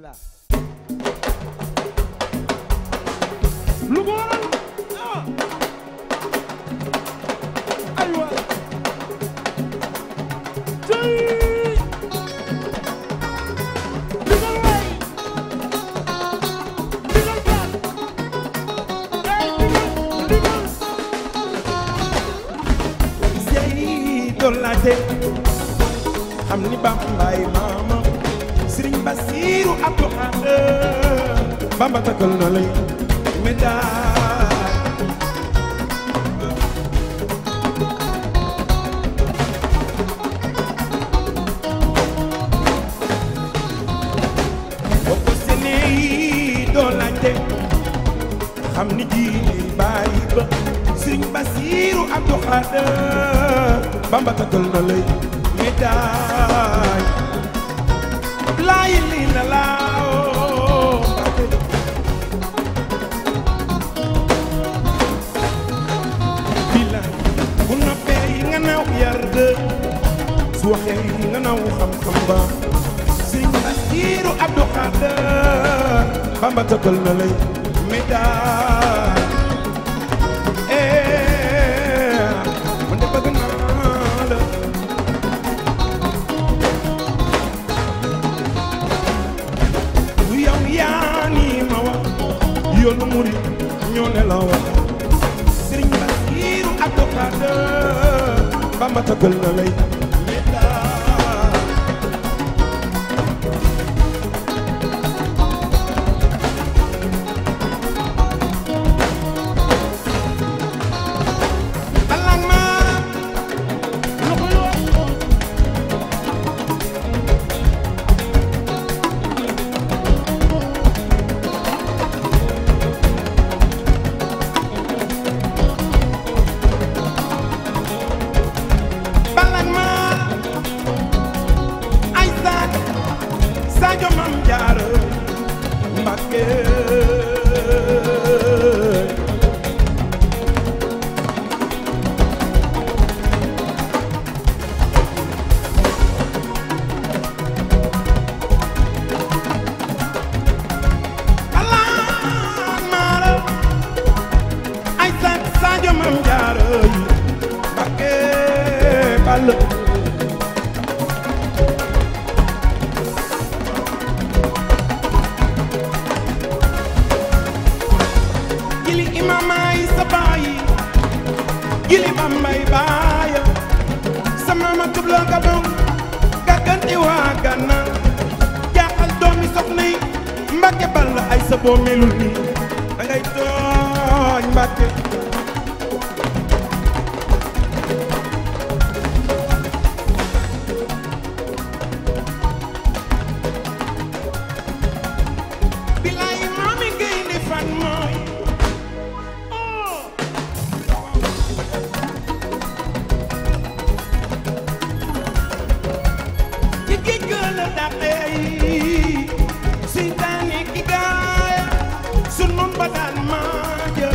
la lu ko waral aywa tey xam ni Bambaay maama Sëriñ Basiiru Abdu Xaadir Bamba takkal na lay médaille xam ni ji bàyyi ba Sëriñ Basiiru Abdu Xaadir Bamba takkal na lay médaille laayi lii la laaw bilaay bu noppee nga naw yar su waxee nga naw xam-xam ba sëñ Basiiru Abdu Xaadir Bamba tëkkal na lay médaay yoonu murit ñoo ne la wax o Basiiru addu ba Bamba tëggal na lay mbay baayam ma tubla nga doon gàgganti waa gànna jaaxal doomi soxna yi mbàkke bal ay sa boo melul nii da ngay ba daan maa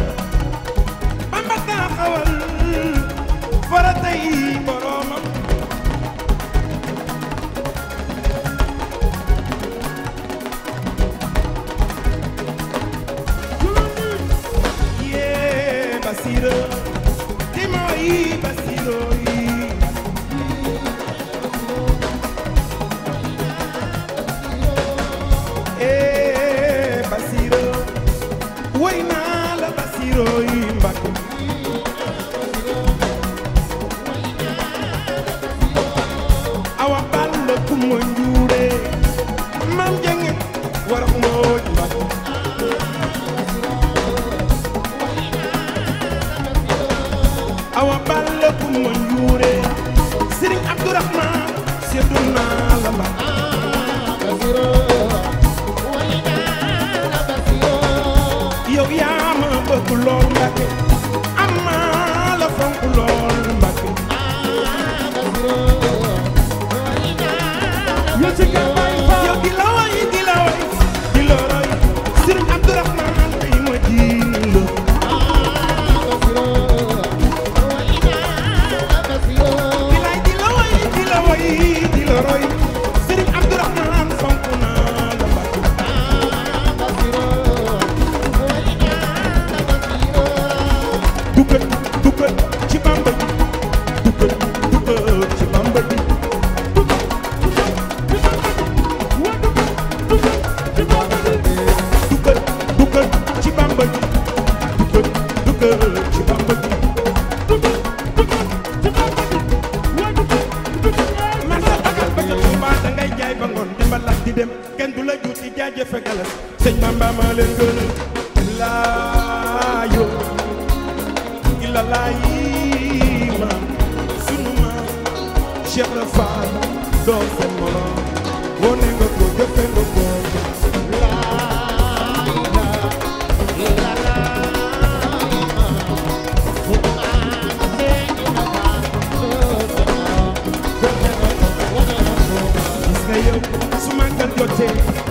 awa balle ku ma njuure sëriñ Abdourahman seddu naa la ma yow yaa ma bëgg lool Mbàkke Bamba ma leen gën laa yoo illa laayi ma sunu ma Cheikh la Faal doo seen morom wone nga ko jëfe nga ko Thank you.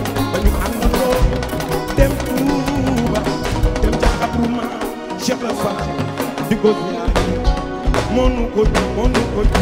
fàcce di ko ziyaare mënu ko ji mënu ko ji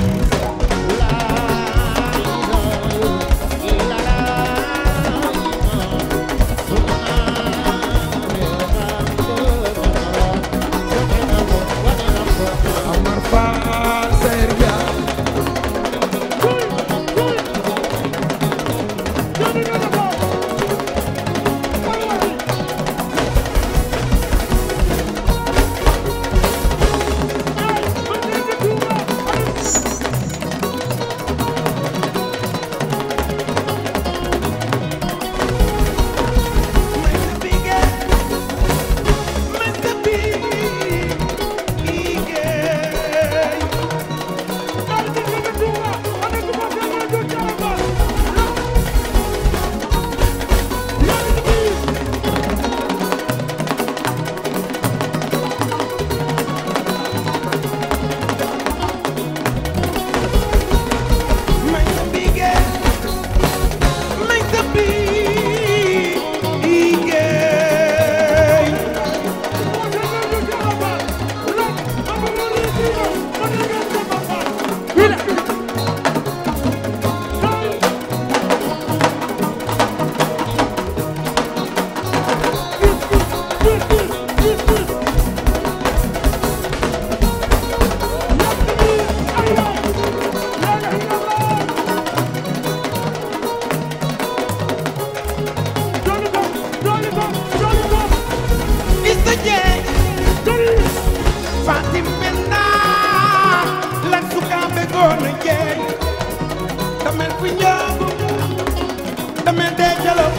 fi dee jalaw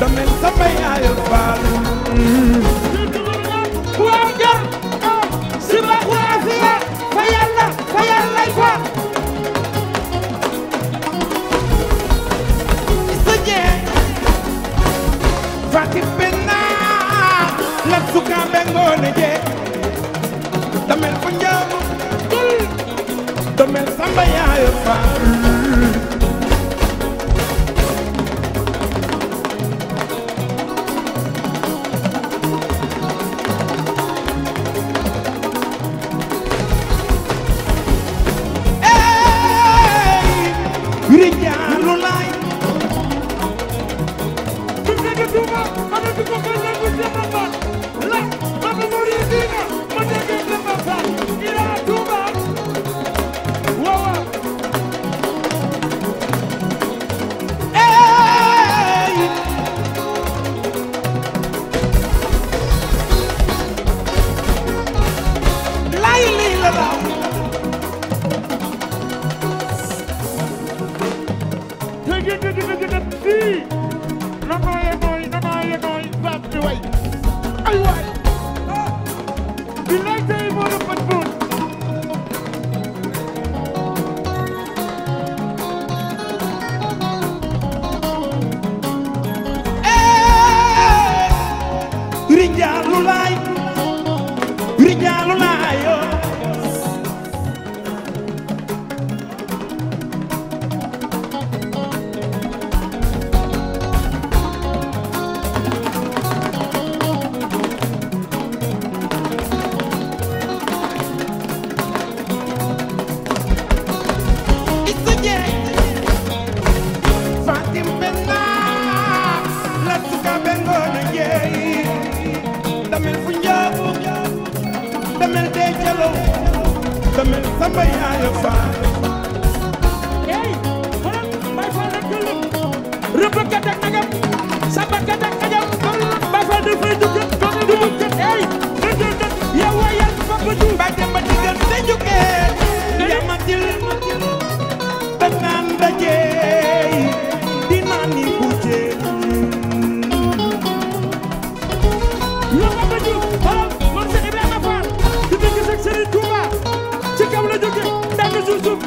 damel sama yaayal faal waa jar si ma xuraafiya fa yàlla fa yàllay fa sa jee fatim benna lat sukaabe ngoone jee damel fa njaago damel sama yaayal faal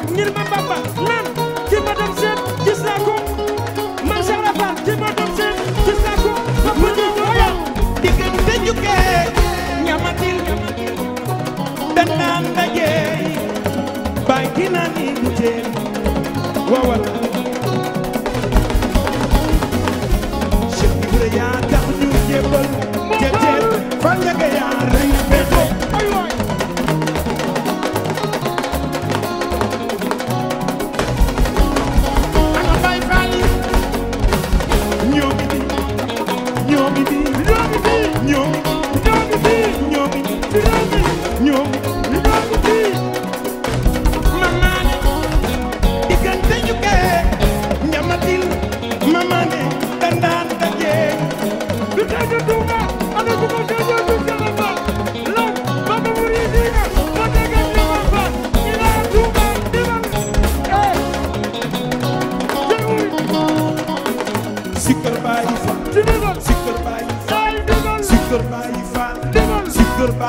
ngir ma Bamba naan ki a dem seet gis naa ko man Cheikh Ibra Fall ki ma dem seet gis naa ko ma bëgg jooya diggante jugee ñamatil danaan dajee bànki naa ni du teel wawal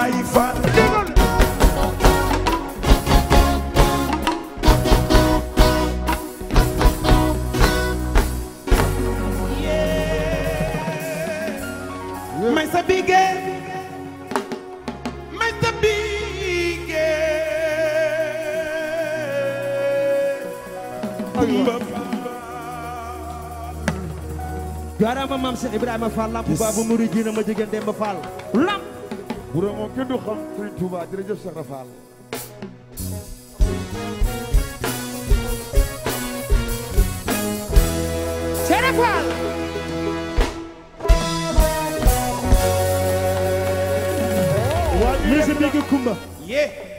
bàyyi fa may sa bigé may sa bigé jaaraama maam Cheikh Ibrahima Fall lamp baabu muriid na ma jigéen Demba Fall lamp bu doon moom du xam Sëriñ Tuuba jërëjëf Cheikh Rafal Cheikh Rafal waa mi sa Kumba